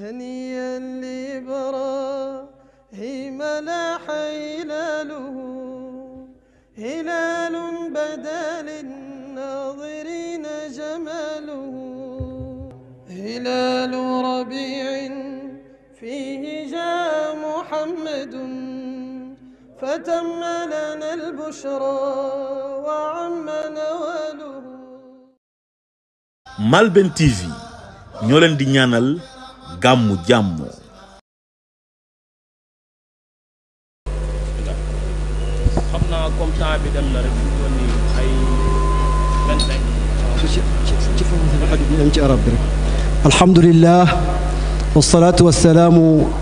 هنيئا لإبراهيم لاح هلاله هلال بدا للناظرين جماله هلال ربيع فيه جاء محمد فتم لنا البشرى وعم نواله Malben TV ñoo leen di ñaanal gàmmu jàmm xam naa comme temps bi dem na rek fi doon ni ay vingt-cinq ci arab bi rek alhamdulillah والصلاة والسلام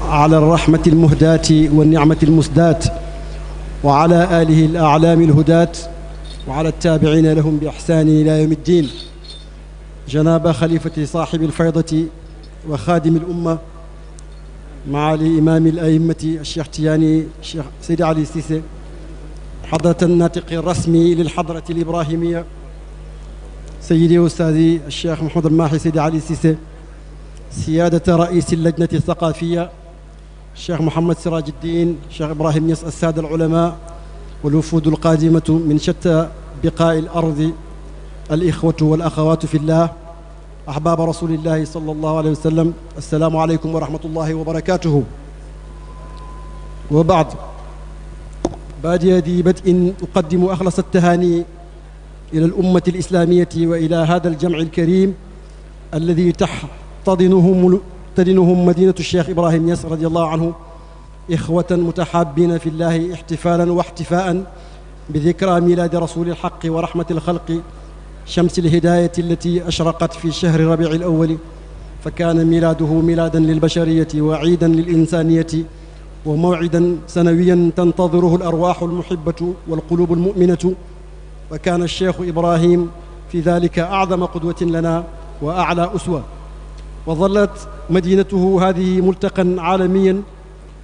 على الرحمة المهداة والنعمة المسداة وعلى آله الأعلام الهداة وعلى التابعين لهم بإحسان إلى يوم الدين جناب خليفة صاحب الفيضة wa xaadimi al umma maali imaami al a'immati cheikh Tiyaani cheikh Seydi Ali Cissé xadrata naatiqi rasmi lil xadrati al ibrahimiya sayyidi ustaadi cheikh Mouhamed al Mahi Seydi Ali Cissé siyaadata raisi lajnati saqaafiya cheikh Mouhamed Siraaj Diin cheikh Ibrahim Niass assaada al ulamaa wal wufuud al qaadimatu min shatta biqaa'i al ardi al ixwatu wal axawaatu fillah ahbaaba rasulillahi sallallahu alayhi wa sallam assalaamu aleykum wa rahmatullahi wa barakatuhu wa baad baadi yadi bad'in uqaddimu axlas altahaani ila alummati alislaamiyati wa ila hada aljamci alkarim alladi taxtadinuhum تدينهم مدينة الشيخ إبراهيم ياس رضي الله عنه إخوة متحابين في الله احتفالا واحتفاء بذكرى ميلاد رسول الحق ورحمة الخلق شمس الهداية التي أشرقت في شهر ربيع الأول فكان ميلاده ميلادا للبشرية وعيدا للإنسانية وموعدا سنويا تنتظره الأرواح المحبة والقلوب المؤمنة وكان الشيخ إبراهيم في ذلك أعظم قدوة لنا وأعلى أسوة وظلت مدينته هذه ملتقا عالميا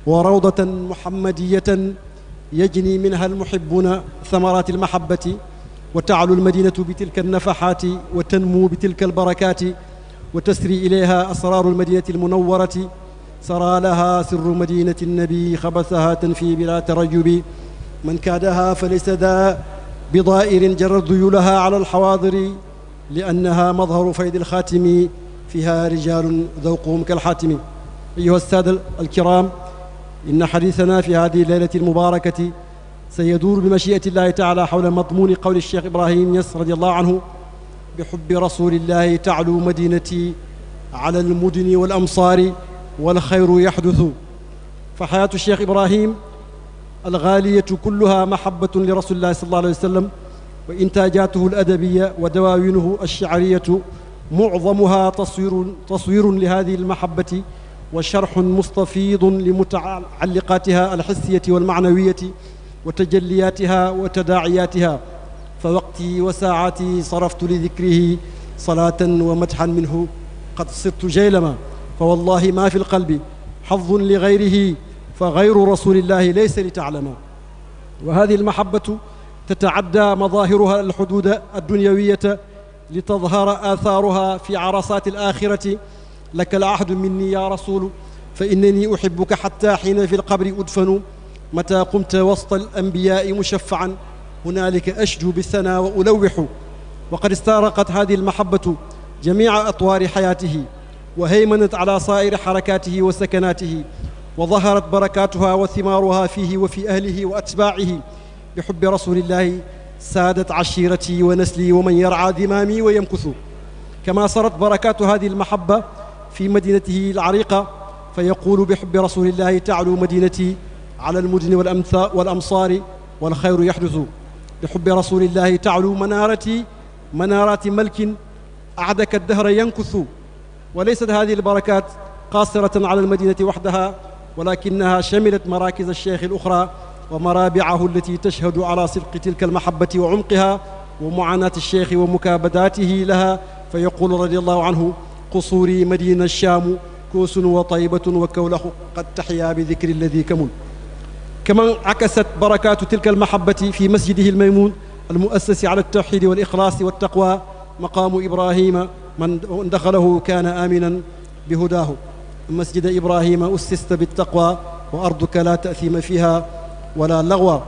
وروضة محمدية يجني منها المحبون ثمرات المحبة wa taalu almadinatu bi tilka alnafaxaati wa tanmuu bi tilka albarakaati wa tasri ilayha asraaru almadinati almunawarati saraa laha sirru madinati alnabi xabasaha tanfi bila tarajubi man kaadaha falaysa daa bidaa'irin jara duyulaha ala alxawaadiri liannaha madharu faydi alxaatimi fiha rijalun dawquhum kalxaatimi ayuha alsaada alkiram inna xadiisana fi hadihi alleylati almubarakati سيدور بمشيئة الله تعالى حول مضمون قول الشيخ إبراهيم يس رضي الله عنه بحب رسول الله تعلو مدينتي على المدن والأمصار والخير يحدث فحياة الشيخ إبراهيم الغالية كلها محبة لرسول الله صلى الله عليه وسلم وإنتاجاته الأدبية ودواوينه الشعرية معظمها تصوير, تصوير لهذه المحبة وشرح مستفيض لمتعلقاتها الحسية والمعنوية wa tajalliyaatiha wa tadaaciyaatiha fa waqtii wa saacaati saraftu li dikrihi salaatan wa madxan minhu qad sirtu jaylama fa wallahi maa fi lqalbi xadun li gayrihi fa gayru rasulillahi laysa li taclama wa hadihi almahabatu tatacadda madaahiruha alxuduuda adduniyawiyata litadhara athaaruha fi carasaati alaaxirati laka alcahdu minni ya rasulu fa innani uxibuka xata xiina fi lqabri udfanu متى قمت وسط الأنبياء مشفعا هنالك أشجو بالثنى وألوح وقد استرقت هذه المحبة جميع أطوار حياته وهيمنت على صائر حركاته وسكناته وظهرت بركاتها وثمارها فيه وفي أهله وأتباعه بحب رسول الله سادت عشيرتي ونسلي ومن يرعى ذمامي ويمكث كما سرت بركات هذه المحبة في مدينته العريقة فيقول بحب رسول الله تعلو مدينتي ala almudni wal amsaari wal xayru yaxdusu bi xubbi rasulillahi taalu manaarati manaarati malkin aadaka dahra yankusu wa laysat hadihi albarakat qaasiratan ala almadinati waxdaha walakinaha shamilat marakis alcheikh aluxra wa marabicahu allati tashhadu ala sidqi tilka almahabati wa cumqiha wa muanaati alcheikhi wa mukaabadaatihi laha fa yaqulu radiallahu anhu qusuuri madina shaamu kuusun wa taybatun wa kawlahu qad taxyaa bi dikri alladi kamul كما انعكست بركات تلك المحبة في مسجده الميمون المؤسس على التوحيد والإخلاص والتقوى مقام إبراهيم من دخله كان آمنا بهداه مسجد إبراهيم أسست بالتقوى وأرضك لا تأثيم فيها ولا لغوا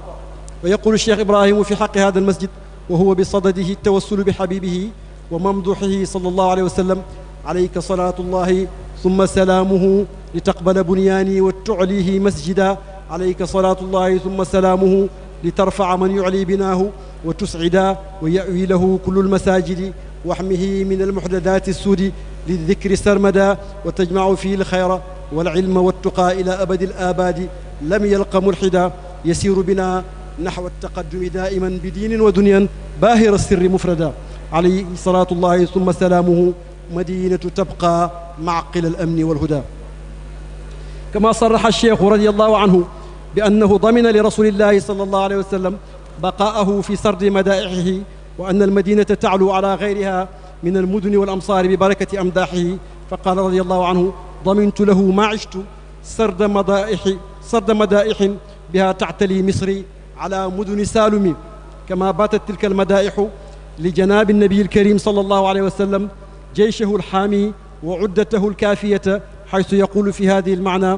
ويقول الشيخ إبراهيم في حق هذا المسجد وهو بصدده التوسل بحبيبه وممدوحه صلى الله عليه وسلم عليك صلاة الله ثم سلامه لتقبل بنياني وتعليه مسجدا alayka salaatullahi summa salaamuhu li tarfaca man yucli binaahu wa tuscida wa yawi lahu kullu lmasaajidi waxmihi min almuxdadaati suudi li dikri sarmada wa tajmacu fihi alxayra walcilma waltuqaa ila abadi alaabaadi lam yalqa mulxida yasiru bina naxwa altaqadumi daa'iman bi diinin wa dunyan baahira sirri mufrada alayhi salaatullahi summa salaamuhu madinatu tabqaa macqila alamni walhuda kama saraxa alcheikhu radiallahu anhu bi annahu damina li rasulillahi sal allahu alayhi wa sallam baqaahu fi sardi madaixihi wa anna almadinata taclu ala gayriha min almuduni walamsaari bi barakati amdaaxihi fa qaala radiallahu anhu damintu lahu maa cishtu sarda madaixi sarda madaixin biha tactali misri ala muduni saalumi kama baatat tilka almadaixu li janaabi nabiyi alkarim sal allahu alayhi wa sallam جيشه الحامي وعدته الكافية حيث يقول في هذه المعنى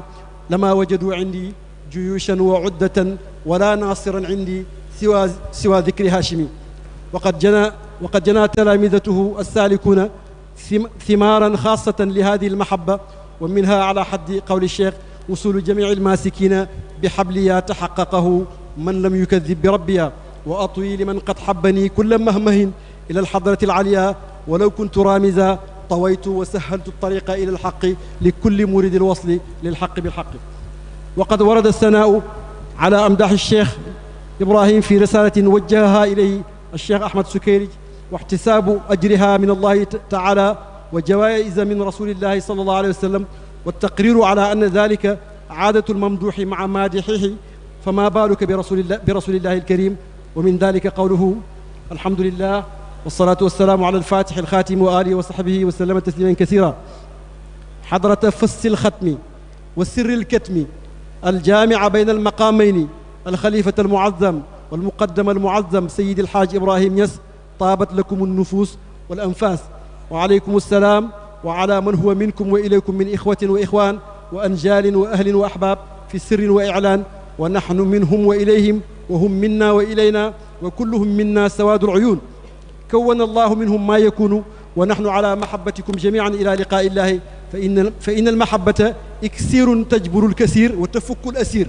لما وجدوا عندي juyuushan wa uddatan wala naasiran indi siwa siwa dicri haachimi waqad jana waqad jana talaamidatuhu alsaalikuuna thimaaran xaasatan li hadihi almahaba wa minha ala xaddi qawli cheikh wusulu jamici almaasikina bixabliya taxaqaqahu man lam yukadib bi rabbiya wa atwi liman qad xabanii kulla mahmahin ila alxadrati alcaliya walaw kuntu raamisa tawaytu wa sahaltu altariqa ila alxaqi li kulli muridi alwasli lilxaqi bilxaqi وقد ورد الثناء على أمداح الشيخ إبراهيم في رسالة وجهها إليه الشيخ أحمد سكيرج واحتساب أجرها من الله تعالى وجوائز من رسول الله صلى الله عليه وسلم والتقرير على أن ذلك عادة الممدوح مع مادحه فما بالك برسول الله, برسول الله الكريم ومن ذلك قوله الحمد لله والصلاة والسلام على الفاتح الخاتم وآله وصحبه وسلم تسليما كثيرا حضرة فس الختم وسر الكتم aljaamia bayn almaqamayni alxalifat almuazzam walmuqaddam almuazzam sayid alxaaj ibrahim ñas taabat lakum alnufuus wal anfaas wa aleykum alsalaam wa ala man huwa minkum wa ilaykum min ixwatin wa ixwaan wa anjaalin wa ahlin wa ahbaab fi sirrin wa iclaan wa naxnu minhum wa ilayhim wa hum minna wa ilaynaa wa kulluhum minna sawaadu alyuun kawwana allahu minhum maa yakuunu wa nahnu ala mahabatikum jamian ila liqaa illahi fa in fa in almahabata iksirun tajburu lkasir wa tafukku l asir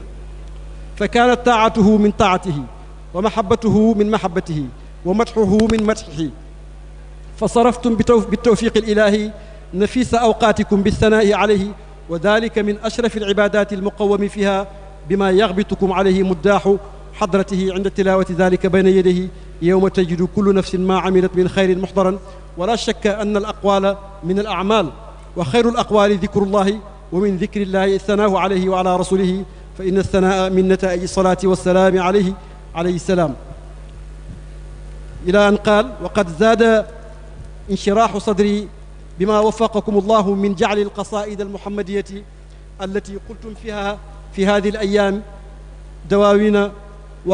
fa kaanat taatuhu min taatihi wa mahabatuhu min mahabatihi wa matxuhu min matxihi fa saraftum bitawfiqi lilahi nafisa awqaatikum bilsanaa'i alayhi wa dalika min ashrafi alcibaadaati almuqawami fiha bima yaxbitukum alayhi muddaaxu xadratihi cinda tilawati dalika bayna yadayhi yowma tajidu kullu nafsin ma camilat min xayrin muxdaran ولا شك أن الأقوال من الأعمال وخير الأقوال ذكر الله ومن ذكر الله الثناء عليه وعلى رسوله فإن الثناء من نتائج الصلاة والسلام عليه عليه السلام إلى أن قال وقد زاد انشراح صدري بما وفقكم الله من جعل القصائد المحمدية التي قلتم فيها في هذه الأيام دواوين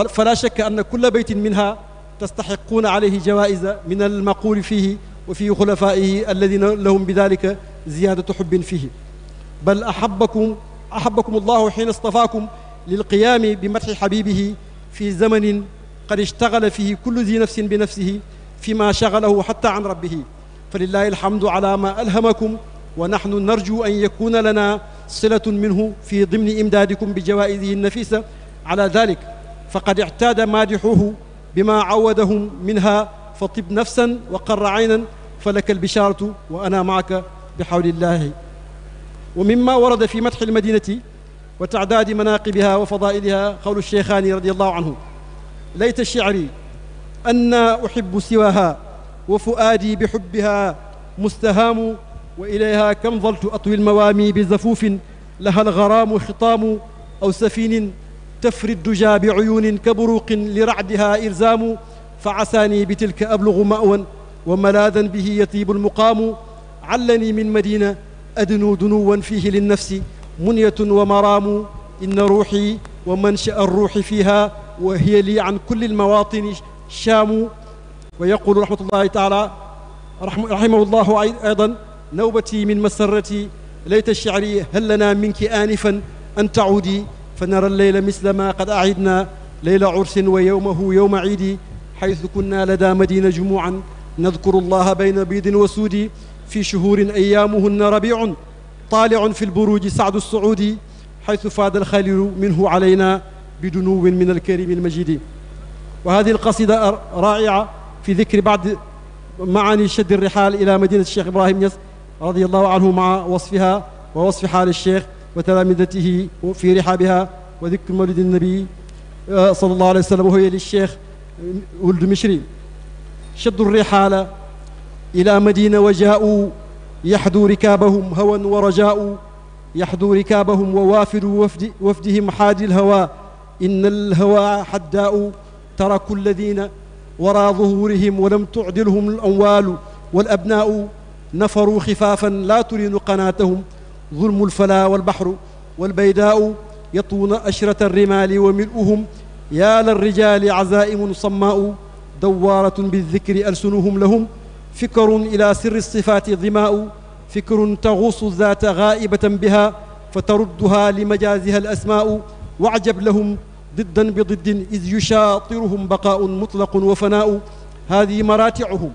فلا شك أن كل بيت منها تستحقون عليه جوائز من المقول فيه wa fi xulafaaihi alladina lahum bi dalika ziyadatu xubbin fihi bal ahabakum ahabakum allahu xiina stafaakum lilqiyaami bi matxi xabibihi fi zamanin qad ishtagala fihi kullu di nafsin bi nafsihi fi ma shagalahu xata an rabbihi fa lillahi alhamdu ala ma alhamakum wa naxnu narju an yakuna lana silatun minhu fi dimni imdaadikum bi jawaa'izihi nafisa ala dalik faqad ictaada maadixuuhu bima cawadahum minha fa tib nafsan wa qarra aynan فلك البشارة وأنا معك بحول الله ومما ورد في مدح المدينة وتعداد مناقبها وفضائلها قول الشيخان رضي الله عنه ليت شعري أنا أحب سواها وفؤادي بحبها مستهام وإليها كم ظلت أطوي الموامي بزفوف لها الغرام خطام أو سفين تفري الدجى بعيون كبروق لرعدها إرزام فعساني بتلك أبلغ مأوى وملاذا به يطيب المقام علني من مدينة أدنو دنوا فيه للنفس منية ومرام إن روحي ومنشأ الروح فيها وهي لي عن كل المواطن شام ويقول رحمة الله تعالى رحمه الله أيضا نوبتي من مسرتي ليت شعري هل لنا منك آنفا أن تعودي فنرى الليل مثل ما قد أعدنا ليل عرس ويومه يوم عيد حيث كنا لدى مدينة جموعا نذكر الله بين بيض وسود في شهور أيامهن ربيع طالع في البروج سعد السعودي حيث فاد الخليل منه علينا بدنو من الكريم المجيد وهذه القصيدة رائعة في ذكر بعض معاني شد الرحال إلى مدينة الشيخ إبراهيم يس رضي الله عنه مع وصفها ووصف حال الشيخ وتلامذته في رحابها وذكر مولد النبي صلى الله عليه وسلم وهي للشيخ ولد مشري شدوا الرحال إلى مدينة وجاءوا يحدوا ركابهم هوا ورجاء يحدوا ركابهم ووافد وفد وفدهم حادي الهوى إن الهوى حداء تركوا الذين وراء ظهورهم ولم تعدلهم الأموال والأبناء نفروا خفافا لا ترين قناتهم ظلم الفلا والبحر والبيداء يطون أشرة الرمال وملؤهم يا للرجال عزائم صماء دوارة بالذكر ألسنهم لهم فكر إلى سر الصفات ظماء فكر تغوص الذات غائبة بها فتردها لمجازها الأسماء واعجب لهم ضدا بضد إذ يشاطرهم بقاء مطلق وفناء هذه مراتعهم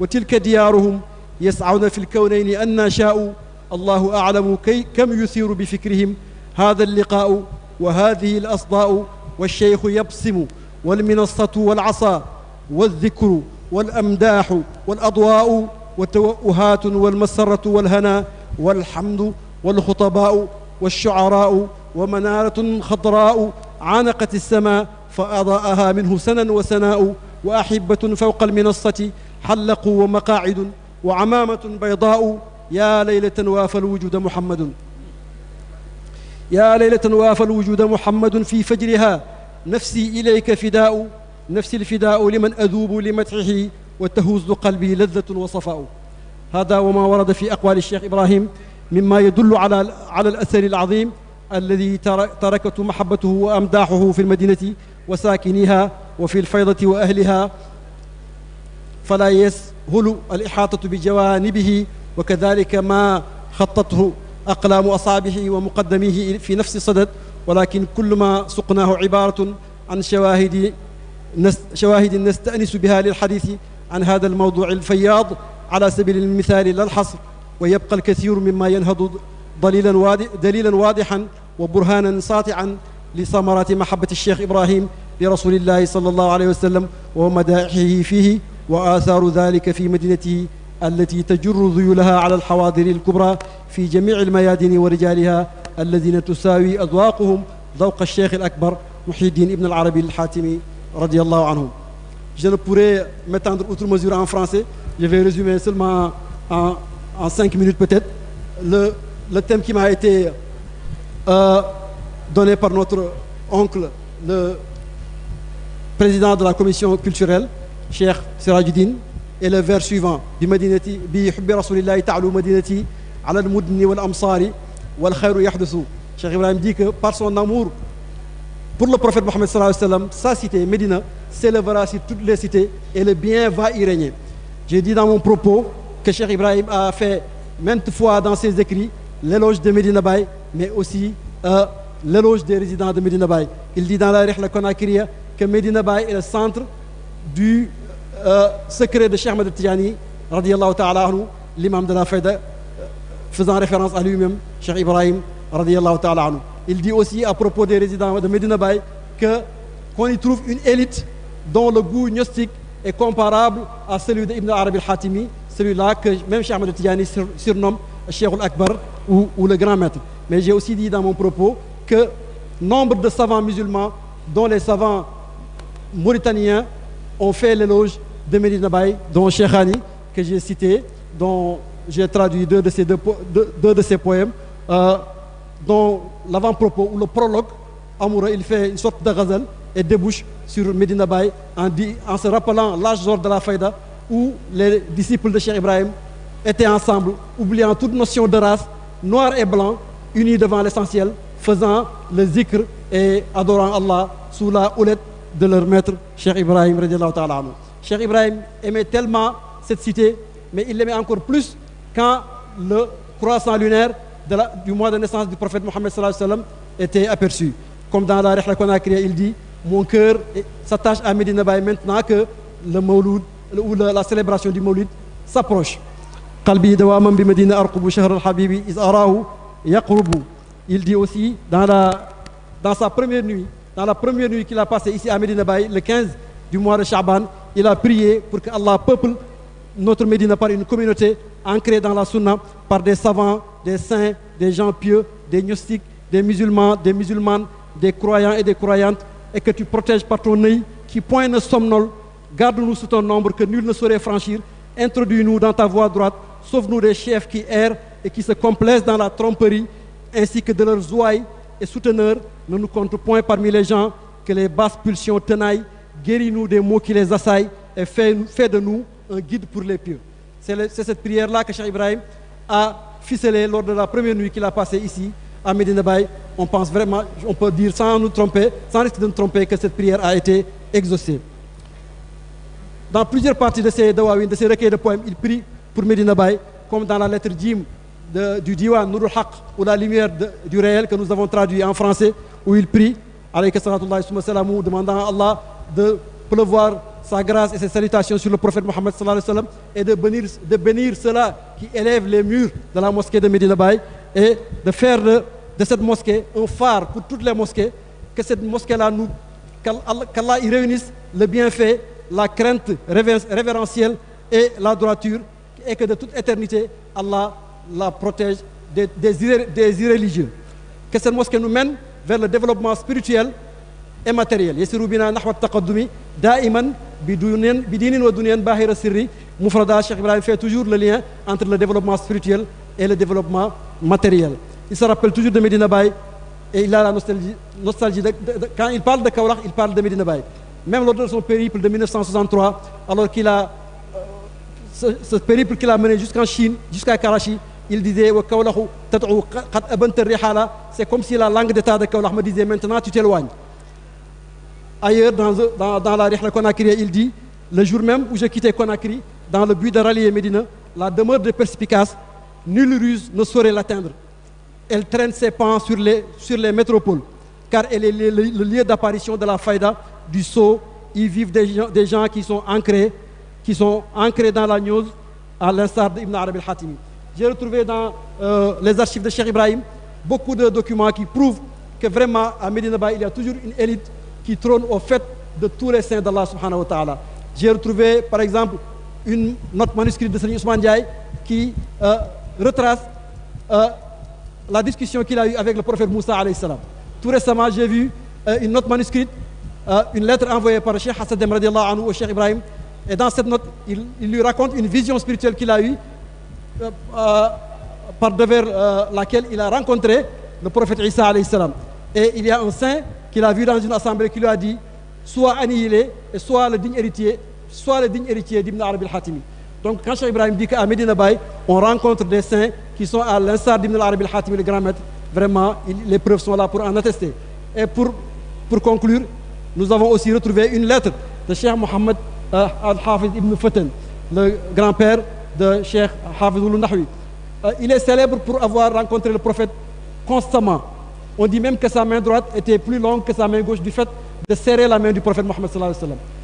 وتلك ديارهم يسعون في الكونين أن شاءوا الله أعلم كي كم يثير بفكرهم هذا اللقاء وهذه الأصداء والشيخ يبسم والمنصة والعصا والذكر والأمداح والأضواء والتوأهات والمسرة والهنا والحمد والخطباء والشعراء ومنارة خضراء عانقت السماء فأضاءها منه سنا وسناء وأحبة فوق المنصة حلقوا ومقاعد وعمامة بيضاء يا ليلة وافى الوجود محمد يا ليلة وافى الوجود محمد في فجرها نفسي إليك فداء نفسي الفداء لمن أذوب لمدحه وتهوز قلبي لذة وصفاء هذا وما ورد في أقوال الشيخ إبراهيم مما يدل على على الأثر العظيم الذي تركته محبته وأمداحه في المدينة وساكنيها وفي الفيضة وأهلها فلا يسهل الإحاطة بجوانبه وكذلك ما خطته أقلام أصابعه ومقدميه في نفس الصدد ولكن كل ما سقناه عبارة عن شواهد شواهد نستأنس بها للحديث عن هذا الموضوع الفياض على سبيل المثال لا الحصر ويبقى الكثير مما ينهض دليلا دليلا واضحا وبرهانا ساطعا لثمرات محبة الشيخ إبراهيم لرسول الله صلى الله عليه وسلم ومدائحه فيه وآثار ذلك في مدينته التي تجر ذيولها على الحواضر الكبرى في جميع الميادين ورجالها الذين تساوي أذواقهم ذوق الشيخ الأكبر محي الدين ابن العربي الحاتمي radiallahu anhu je ne pourrais m'étendre outre mesure en français je vais résumer seulement en en cinq minutes peut-être le le thème qui m'a été euh, donné par notre oncle le président de la commission culturelle Cheikh Sirajuddin et le vers suivant bi madinati bi hubbi rasulillahi ta'alu madinati ala al mudni wal amsari wal khayru yahdusu Cheikh Ibrahim dit que par son amour Pour le prophète Mohammed sallallahu sa cité, Médina, s'élèvera sur toutes les cités et le bien va y régner. J'ai dit dans mon propos que Cheikh Ibrahim a fait maintes fois dans ses écrits l'éloge de Médina Baye, mais aussi euh, l'éloge des résidents de Médina Baye. Il dit dans la Rihla Konakriya que Médina Baye est le centre du euh, secret de Cheikh Ahmed Tidiane radiyallahu l'imam de la Fayda, euh, faisant référence à lui-même, Cheikh Ibrahim radiyallahu ta'ala anhu. Il dit aussi à propos des résidents de Medina Bay que qu'on y trouve une élite dont le goût gnostique est comparable à celui de Ibn Arabi al-Hatimi, celui-là que même Cheikh Ahmed Tidiane surnomme Cheikh al-Akbar ou, le grand maître. Mais j'ai aussi dit dans mon propos que nombre de savants musulmans, dont les savants mauritaniens, ont fait l'éloge de Medina Bay, dont Cheikh Hani, que j'ai cité, dont j'ai traduit deux de ses, poèmes, euh, dont l'avant-propos ou le prologue, Amoura, il fait une sorte de ghazal et débouche sur Medina Bay en, dit, en se rappelant l'âge d'or de la Faïda où les disciples de Cheikh Ibrahim étaient ensemble, oubliant toute notion de race, noir et blanc, unis devant l'essentiel, faisant le zikr et adorant Allah sous la houlette de leur maître, Cheikh Ibrahim. Ta'ala Cheikh Ibrahim aimait tellement cette cité, mais il l'aimait encore plus quand le croissant lunaire de la, du mois de naissance du prophète Mohammed sallallahu alayhi wa sallam était aperçu. Comme dans la Rihla qu'on a créée, il dit Mon cœur s'attache à maintenant que le Mawlud ou la, la célébration du Mawlid s'approche. Qalbi dawamam bi Medina arqubu shahr al-habibi iz arahu Il dit aussi dans, la, dans sa première nuit, dans la première nuit qu'il a passée ici à Medina le 15 du mois de Shaban, il a prié pour que Allah peuple notre Médina par une communauté ancrée dans la sunna par des savants des saints, des gens pieux, des gnostiques, des musulmans, des musulmanes, des croyants et des croyantes, et que tu protèges par ton œil qui point ne somnole, garde-nous sous ton ombre que nul ne saurait franchir, introduis-nous dans ta voie droite, sauve-nous des chefs qui errent et qui se complaisent dans la tromperie, ainsi que de leurs ouailles et souteneurs, ne nous compte point parmi les gens que les basses pulsions tenaillent, guéris-nous des maux qui les assaillent et de nous un pour les pieux. C'est cette prière-là que Cheikh Ibrahim a ficelé lors de la première nuit qu'il a passée ici à Medina on pense vraiment on peut dire sans nous tromper sans risque de nous tromper que cette prière a été exaucée dans plusieurs parties de ces dawawin de ces recueils de poèmes il prie pour Medina comme dans la lettre Jim du diwan Nurul Haq ou la lumière de, du réel que nous avons traduit en français où il prie alayka salatullahi suma salam demandant à Allah de pleuvoir sa grâce et ses salutations sur le prophète Mohammed sallallahu alayhi wa sallam et de bénir, de bénir ceux-là qui élèvent les murs de la mosquée de Medina Baye et de faire de, de cette mosquée un phare pour toutes les mosquées, que cette mosquée-là nous, qu'Allah y réunisse le bienfait, la crainte révérentielle et la droiture et que de toute éternité, Allah la protège des, des, des irréligieux. Que cette mosquée nous mène vers le développement spirituel et matériel yasiru bina nahwa taqaddumi daiman bi dunien bi diinin wa dunien bahira sirri Moufrada Cheikh Ibrahim fait toujours le lien entre le développement spirituel et le développement matériel il se rappelle toujours de Medina Baye et il a la nostalgie nostalgie de, de, de quand il parle de Kaolack il parle de Medina Baye même lors de son périple de 1963 alors qu'il a euh, ce, ce périple qu'il a mené jusqu'en Chine jusqu'à Karachi il disait wa Kaolack tat'u qad c'est comme si la langue de Kaolack me disait Ailleurs, dans, dans, dans la Rihla Conakry, il dit Le jour même où j'ai quitté Conakry, dans le but de rallier Médina, la demeure de perspicace, nulle ruse ne saurait l'atteindre. Elle traîne ses pans sur les, sur les métropoles, car elle est le, le, le lieu d'apparition de la faïda, du sceau. Y vivent des gens, des gens qui sont ancrés, qui sont dans la gnose, à l'instar d'Ibn Arab al-Hatimi. J'ai retrouvé dans euh, les archives de Cheikh Ibrahim beaucoup de documents qui prouvent que vraiment à Medina toujours une élite qui trône au fait de tous les saints d'Allah subhanahu wa ta'ala. J'ai retrouvé, par exemple, une note manuscrite de Serigne Ousmane Diaye qui euh, retrace euh, la discussion qu'il a eue avec le prophète Moussa alayhi salam. Tout récemment, j'ai vu euh, une note manuscrite, euh, une lettre envoyée par le Cheikh Hassan Dem radiallahu anhu au Cheikh Ibrahim. Et dans cette note, il, il lui raconte une vision spirituelle qu'il a eue euh, euh, par devers laquelle il a rencontré le prophète Isa alayhi salam. Et il y a un saint qu'il a vu dans une assemblée qui lui a dit soit annihilé et soit le digne héritier, soit le digne héritier d'Ibn Arabi al-Hatimi. Donc quand Cheikh Ibrahim dit qu'à Medina on rencontre des saints qui sont à l'instar d'Ibn Arabi al le grand maître, vraiment, les preuves sont là pour en attester. Et pour, pour conclure, nous avons aussi retrouvé une lettre de Cheikh Mohammed euh, al-Hafiz Ibn Faten, le grand-père de Cheikh Hafiz al-Nahwi. Euh, il est célèbre On dit même que sa main droite était plus longue que sa main gauche du fait de serrer la main du prophète Mohammed sallallahu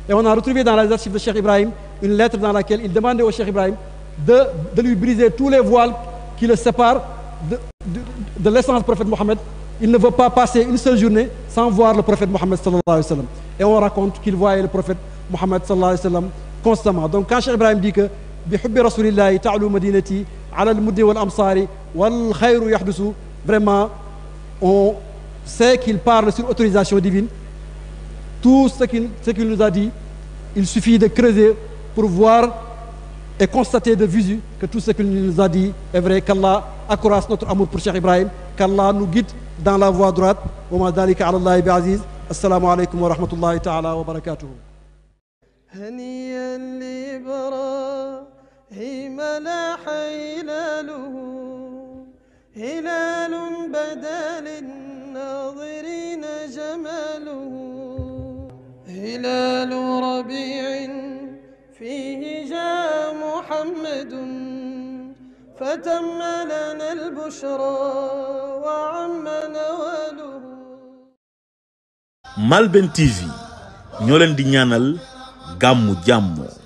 alayhi wa a retrouvé dans les archives de Cheikh Ibrahim une lettre dans laquelle il demandait au Cheikh Ibrahim de, lui briser tous les voiles qui le séparent de, de, prophète Mohammed. Il ne veut pas passer une seule journée sans voir le prophète Mohammed sallallahu alayhi wa Et on raconte qu'il voyait le prophète Mohammed sallallahu alayhi wa constamment. Donc on sait qu'il parle sur autorisation divine tout ce qu'il nous a dit il suffit de creuser pour voir et constater de visu que tout ce qu'il nous a dit est vrai qu'Allah accroisse notre amour pour Cheikh Ibrahim qu'Allah nous guide dans la voie droite wa ma dalika ala allahi bi aziz assalamu aleykum wa rahmatullahi taala wa barakatuhu هنيئا لإبراهيم لاح هلاله هلال بدا للناظرين جماله هلال ربيع فيه جاء محمد فتم لنا البشرى وعم نواله Malben TV ñoo leen di ñaanal gàmmu jàmm